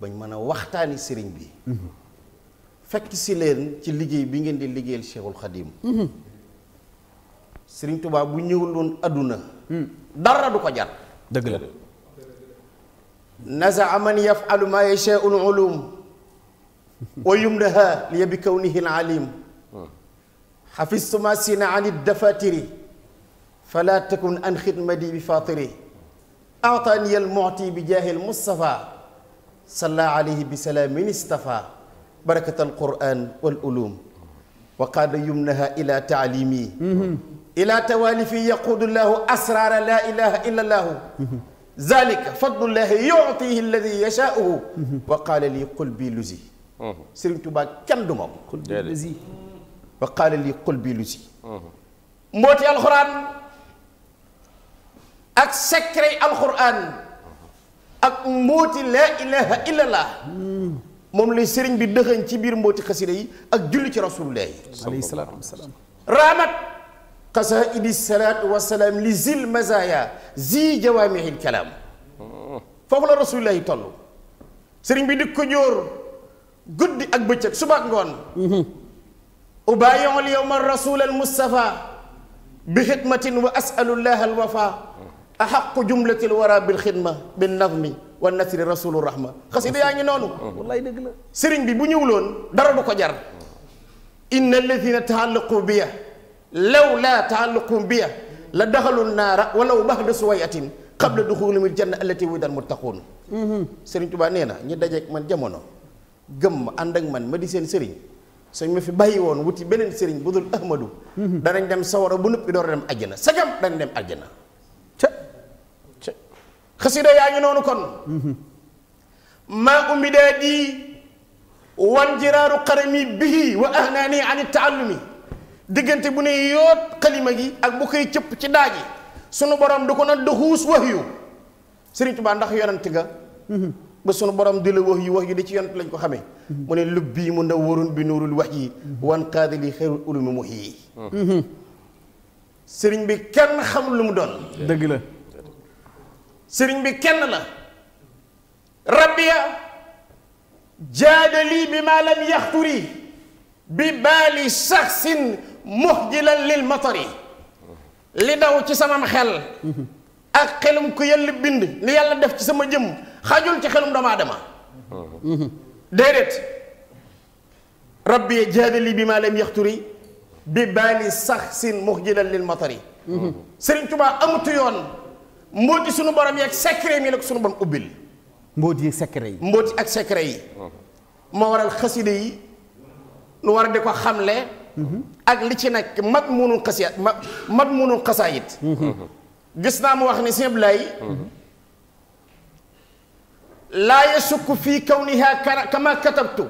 bañ mën a waxtaani sëriñ bi fekk si ci liggéey bi ngeen di liggéeyal Cheikhul Khadim sëriñ Tuubaa bu ñëwul woon adduna dara du ko jar dëgg la nazaa man yafalu maa yashaa'ul ulum wa yumlaha liya bi kawnihi alim xafistu ma sina an dafatiri fala takun an xidmati bi fatiri aataani al mu'ti bi jaahil Mustafa salla alayhi bi salaamin istafa barakat al quran wal ulum wa qaada yumnaha ila taalimi ila tawalifi yaquudu llaahu asraara laa ilaha illa llaahu zalika fadlullahi yuutihi alladi yashaauhu wa qaala lii qul bii lusi Sëriñ Tuubaa kenn du moom qul bii lusi wa qaala lii qul bii lusi mbooti alxuraan ak secret alxuraan ak mbóoti laa ilaha illallah moom lay sëriñ bi dëxëñ ci biir mbóoti xasida yi ak julli ci rasulullah yi alayhi salaatu wasalaam raamat xasaidi li zil mazaya zi jawaamihil kalaam foofu la rasulullah yi toll bi di ko jóor guddi ak bëccëg suba ngoon ubaayoon al yowma rasul bi xidmatin wa asalullah al wafa axaqu jumlatil wara bil xidma bin nazmi wa nasri rasulu rahma xasida yaa ngi noonu wallaay dëgg la sëriñ bi bu ñëw loon dara du ko jar inna alladina taallaqu biya law laa taallaqu biya la daxalu naara walaw baxda suwayatin qabla duxulihimil janna allati wudal muttaquun mhm. sëriñ Tuubaa nee na ñu dajeeg man jamono gëm ma ànd ak man ma di seen sëriñ suñ ma fi bàyyi woon wuti beneen sëriñ bu dul ahmadu mhm. danañ dem sawara bu nuppi door dem àjjana sagam danañ dem àjjana xasida yaa ngi noonu kon mhm. maa umidaadi wan jiraaru xarami bihi wa ahnaani ani taallumi diggante bu ne yoot xalima gi ak bu koy cëpp ci daaji sunu borom du ko nag daxuus wax Sëriñ Tuubaa ndax yonent ga mhm. ba sunu borom di la wax yu wax ci yonent lañ ko xame mhm. mu ne lub bii mu nawwarun bi nuurul wax yi wan qaadili xeyrul ulumi mu yii sëriñ bi kenn xam lu mu doon dëgg la sëriñ bi kenn la rabbiya jaadali bi maa lam yaxturi bi baali saxsin muxjilan lil matari li daw ci samam xel ak xelum ku yàlla bind li yàlla def ci sama jëm xajul ci xelum doomu aadama déedéet rabbiya jaadali bi maa lam yaxturi bi baali saxsin muxjilan lil matari sëriñ Tuubaa amutu yoon mboot yi sunu borom yeeg secret mi la ko sunu borom ubbil. mbóoti yeeg secret yi. mbóoti ak secret yi. moo waral xaside lu war di ko xamle. ak li ci nekk mat munul xasiya mat naa mu wax ni sëñ Ablaye. laa yasukku fii kawniha kama katabtu.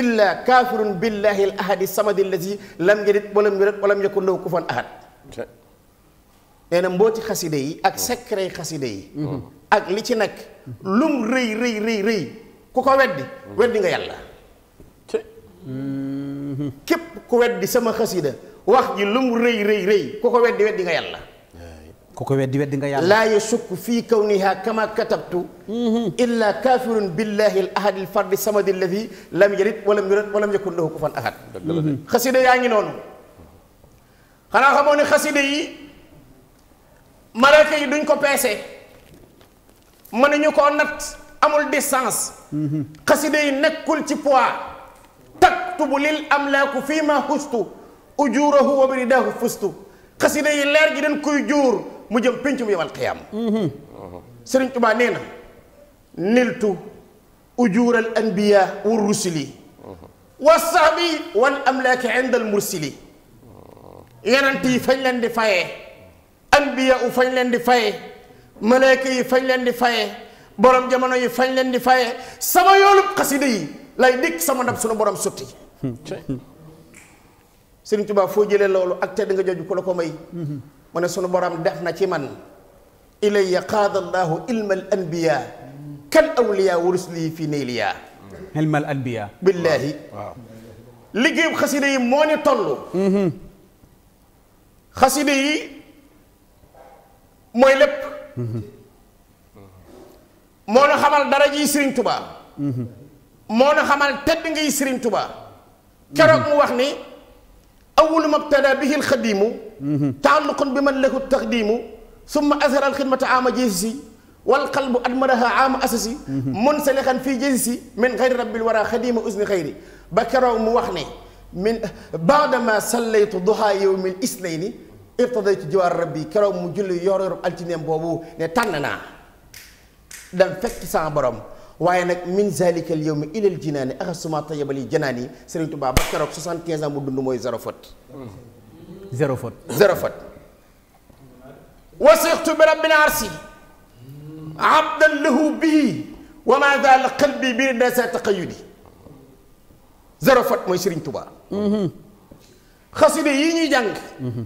illa kaafirun billahi al ahadi samadi allazi lam yalid walam yulad walam yakun lahu kufuwan ahad. nee na mbooti xaside yi ak oh. secret xaside yi mm-hmm. oh. ak li ci nag mm-hmm. lum rëy rëy rëy rëy ku ko weddi mm-hmm. weddi nga yàlla képp ku weddi sama xasida wax ji lum rëy rëy rëy ko weddi weddi nga yàlla ku ko weddi weddi nga yàlla laa yasukku fii kawniha kama katabtu illa kafirun billahi al ahad al fardi samadi lam yalid walam yulad walam yakun lahu ahad xasida yaa ngi noonu xanaa xamoo ne yi malaaka yi duñ ko peese mënuñu koo nat amul distance mhm. xasida yi nekkul ci poids taktubu lil amlaaku fii ma xustu ujuurahu wa biridaahu fustu xasida yi leer gi dañ koy juur mu jëm péncum yawmal qiyaam mhm. sëriñ Tuubaa nee na niltu ujuural anbiyaa wa rusuli wa sahbi wal amlaaki inda al mursili yenent yi fañ leen di anbiya u fañ leen di faye malaaka yi fañ leen di faye borom jamono yi fañ leen di faye sama yoolub xasida yi lay dikk sama ndab sunu borom sotti Sëriñ Tuubaa foo jëlee loolu ak tedd nga jooju ku la ko may mu ne borom def na ci man ilayya qaada allahu ilmal anbiya kal awliya wa rusli fi nayliya ilmal anbiya billaahi liggéeyub xasida yi moo ni toll mm-hmm. xasida yi mooy lépp. moo na xamal dara ji Serigne Touba. moo na xamal tedd ngay Serigne Touba. keroog mu wax ni. awwalu mabtada bihi alxadiimu. taalluqun bi man lahu taqdiimu. summa azhara alxidmata aama jeesisi. wal qalbu admaraha aama asasi. munsalixan fii jeesisi. min xayri rabbil wara xadiima usni xayri ba keroog mu wax ne. min baadama sallaytu duha yowmi l isnayni irtadaytu jiwaar rabbi keroog mu julli yor yor altineem boobu ne tànn naa dem fekk sama borom waaye nag min zalikal yawmi ilal jinaani axasuma tayibal yi janaan yi Serigne Touba ba keroog 75 ans mu dund mooy zéro faute. zéro faute zéro faute. arsi abdan lahu bihi wa ma qalbi bi dasa taqayudi zéro mooy Serigne Touba. Mhm. xaside yi ñuy jàng. Mhm.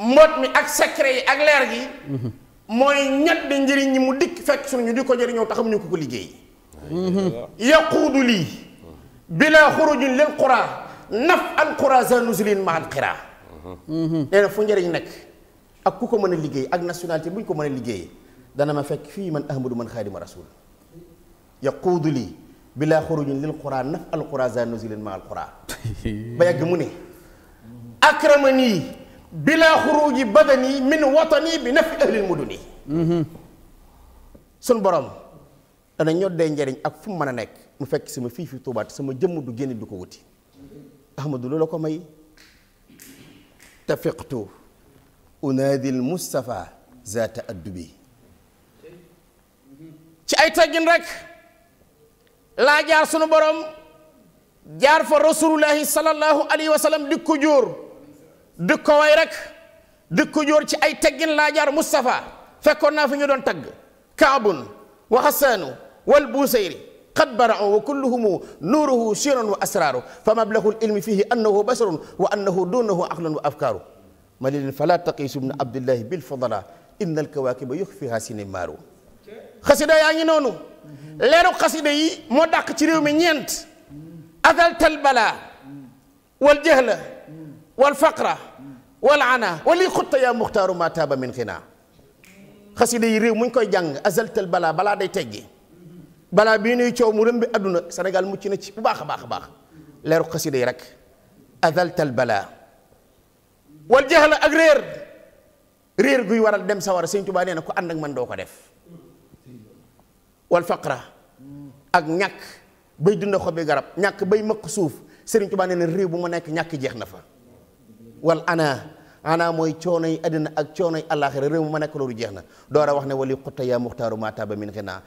mboot mi ak secret yi ak leer gi mhm. mooy ñett di njëriñ ñi mu dikk fekk suñu ñu di ko jëriñoo tax ñu ko ko liggéey mhm. yaquudu lii bila xurujin lil qura naf al qura zanuslin ma al qira mhm. nee na ku ko mën liggéey ak nationalité bu ñu ko mën liggéey dana ma fekk fii man ahmadu man bila xurujin al qura ba yàgg mu ne akramani bilaa xuruji badani min watani bi nafi ahlil muduni mhm. sun borom dana ñoo day njariñ ak fum mu mën a nekk mu fekk sama fii fi Tuubaa te sama jëmm du génn du ko wuti ahmadu lu la ko may tafiqtu unaadi al mustafa zaata addubi ci ay teggin rek laa jaar sunu borom jaar fa rasulullahi sallallahu alayhi wa sallam di ko jóor dëkk ko way rek dëkk ko ci ay teggin laa jaar Moustapha fekkoon naa fi ñu doon tagg kaabun wa xasaanu wal buusayri qad bara'u wa kulluhumu nuuruhu sirrun wa asraaru fa mablaghul ilmi fiihi annahu basarun wa annahu duunahu aqlun wa afkaaru ma ne leen falaa taqiisu bna abdillahi bil fadala inna alkawaakiba yi moo dàq ci réew mi ñeent azaltal balaa wal jahla wal ana wali xutta yaa muxtaaru ma taaba min xinaa xasida yi réew muñ koy jàng azaltal balaa balaa day teggi balaa bii nuy coow mu rëmbi àdduna Sénégal mucc na ci bu baax a baax a baax leeru xasida yi rek azaltal balaa wal jaxla ak réer réer guy waral dem sawara sëñ Tuubaa nee na ku ànd ak man doo ko def wal faqra ak ñàkk bay dund xobi garab ñàkk bay mëkk suuf sëriñ Tuubaa nee na réew bu ma nekk ñàkk jeex na fa wal ana ana mooy coonoy àddina ak coonoy àllaaxira réew mu ma nekk loolu jeex na door a wax ne wali xutta yaa muxtaaru maa taaba min xinaa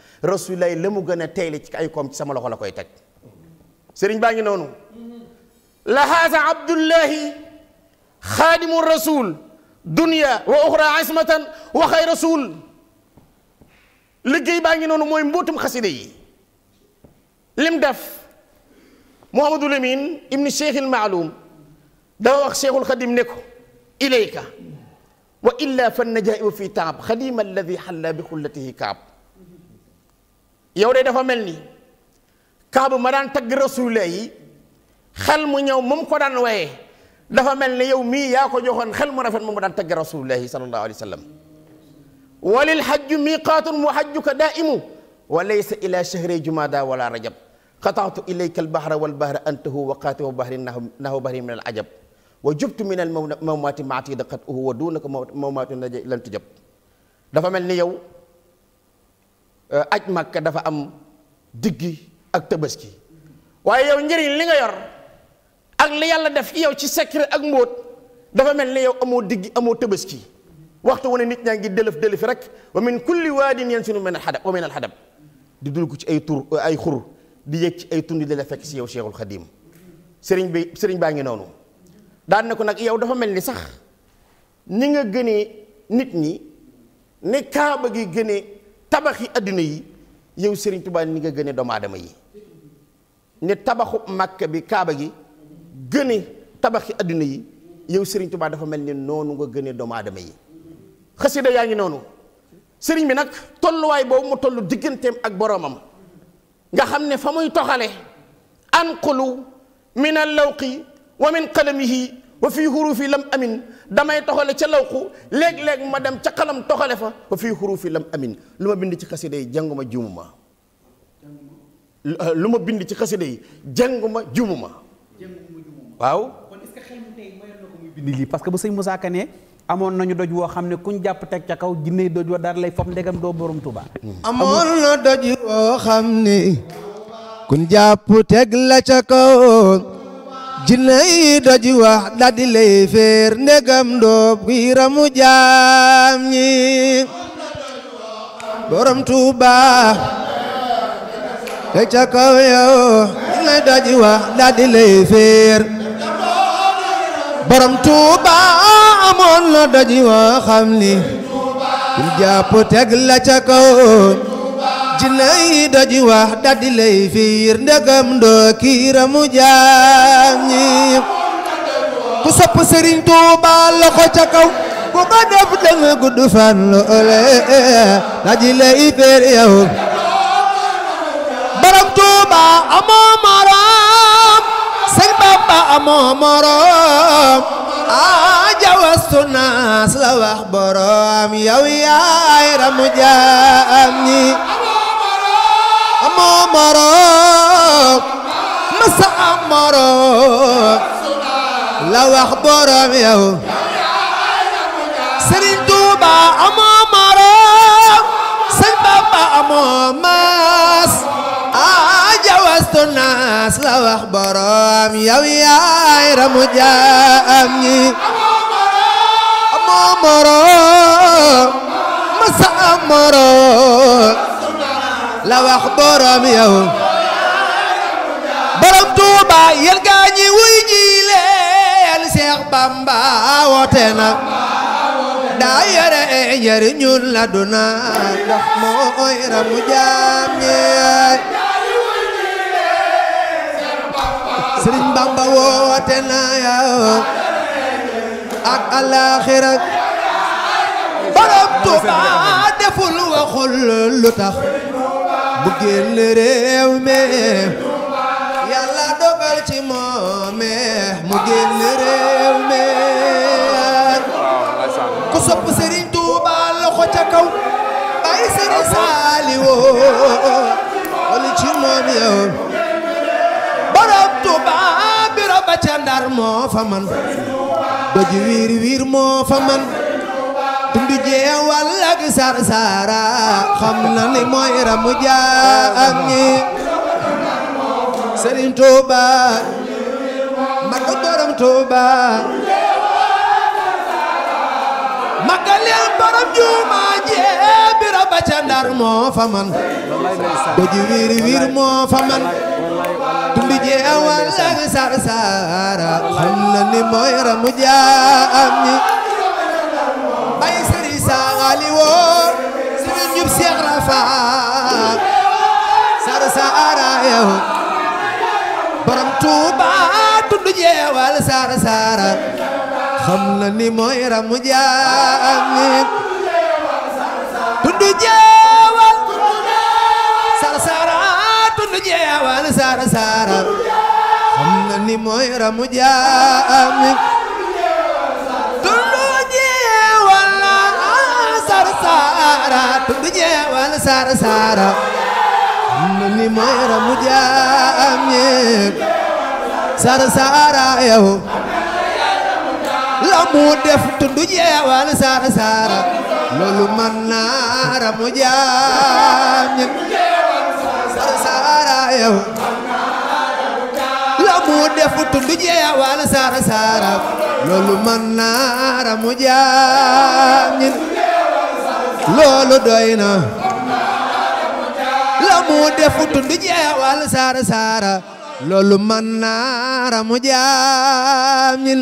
la mu gën a teyle ci ay koom ci sama loxo la koy teg sëriñ baa ngi noonu la haasa abdullahi xaadimu rasul dunya wa uxra ismatan wa xay rasul liggéey baa noonu mooy mbootum xaside lim def Mouhamadou Lamine ibni cheikh il dafa wax Cheikhul Xadim ne ko ilayka wa illa fa najaa'ibu fi taab xadima alladi xalla bi xullatihi kaab yow de dafa mel ni kaabu ma daan tagg rasulullah yi xel mu ñëw moom ko daan waaye dafa mel ni yow mii yaa ko joxoon xel mu rafet moom daan tagg rasulullah yi sallallahu alayhi wa sallam walil xajju miqaatun wa xajjuka daaimu wa laysa ila shahri jumada wala rajab qataatu ilayka albahra walbahra antahu wa qaatihu bahri nahu bahri min al ajab wa jubtu min al mawmaati maati daqat uhu wa duunaka mawmaatu naje lan tujab dafa mel ni yow eh, aj màkka dafa am diggi ak tabaski waaye yow njëriñ li nga yor ak li yàlla def yow ci secret ak mbóot dafa mel ni yow amoo diggi amoo tabaski waxtu wu ne nit ñaa ngi dëlëf dëlëfi rek wa min kulli waadin yansinu min alxadab wa min alxadab di dul ko ci ay tur ay xur di yëg ci ay tund di la fekk si yow Cheikhul Xadim sëriñ bi sëriñ baa ngi noonu daan ko nag yow dafa mel ni sax ni nga gënee nit ñi ne kaaba gi gënee tabaxi adduna yi yow sëriñ Tuubaa ni nga gënee doomu aadama yi ne tabaxu màkk bi kaaba gi gënee tabaxi adduna yi yow sëriñ Tuubaa dafa mel ni noonu nga gënee doomu aadama yi xasida yaa ngi noonu sëriñ bi nag tolluwaay boobu mu toll digganteem ak boroomam nga xam ne fa muy toxale anqulu min al lawqi wa min qalamihi wa fii xurufi lam amin damay toxale ca lawqu léeg-léeg ma dem ca xalam toxale fa wa fii xurufi lam amin lu ma bind ci xasida yi jànguma juumuma lu ma bind ci xasida yi jànguma juumuma waaw bind lii parce que bu sëñ ne amoon nañu doj woo xam ne kuñ jàpp teg la ca kaw jinne yi doj wax daldi lay féer ndegam doob xiiramu jaam ñi borom Tuuba teg ca kaw yow jinne doj wax daldi lay féer borom Tuuba amoon na doj wax xam ni jàpp teg la ca kaw baati lay fiir ndegam doo kiiramu ñi ku sopp sëriñ Tuuba loxo ca ku ko danga gudd fan lu ole daldi lay fiir yow borom Tuuba amoo moroom sëñ Bamba amoo moroom aa ah, naas la boroom yow yaay ramu ñi moo moroom masa am moroom la wax borom yow Sëriñ Tuuba amoo moroom Sëñ Bamba amoo maas aa jawastu naas la wax borom yow yaay ramu jaam ñi wax borom yow borom Touba yéen gaa ñi wuy ji leel Cheikh Bamba woote na daa yore e njariñul la duna ndax mooy ramu jaam ñi Sëriñ Bamba woote na yow ak alaaxira borom Touba deful waxul lu tax bu génn réew mi yàlla dogal ci moome mu génn réew mi ku sopp Serigne Touba loxo ca kaw bàyyi Serigne Saliou wala ci moom yow borom Touba biro ba moo fa man doj wiir wiir moo fa man tundu jeewal ak sarsara xam na li mooy ramu jaam ñi Sëriñ Tuuba mag borom Tuuba magaleel borom juuma jee biro ba ca Ndar moo fa man doji wiir wiir moo fa man tundu jeewal ak sarsara xam na li mooy ramu jaam ñi yeewu borom Tuuba jeewal saara saara xam jeewal saara saara ni mooy ramu jaam ñépp sarsaara yow la mu loolu man naa mu def loolu man mu defu tund jeewal saara saara loolu man naara mu jaamil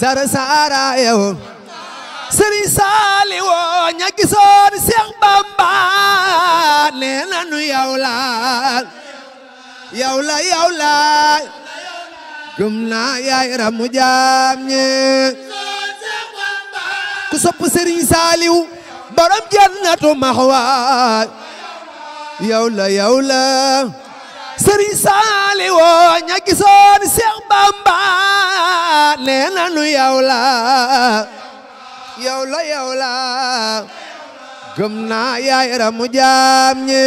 saara saara yow sëriñ saali woo ña gisoon Seex Bamba nee nanu yow la yow la yow naa yaay ramu jaam ñe ku sopp sëriñ saaliw borom jannatu maxwaay yow la yow la sëriñ saali woo ña gisoon Seex Bamba nee na nu la yow la yow la gëm naa yaay ramu jaam ñi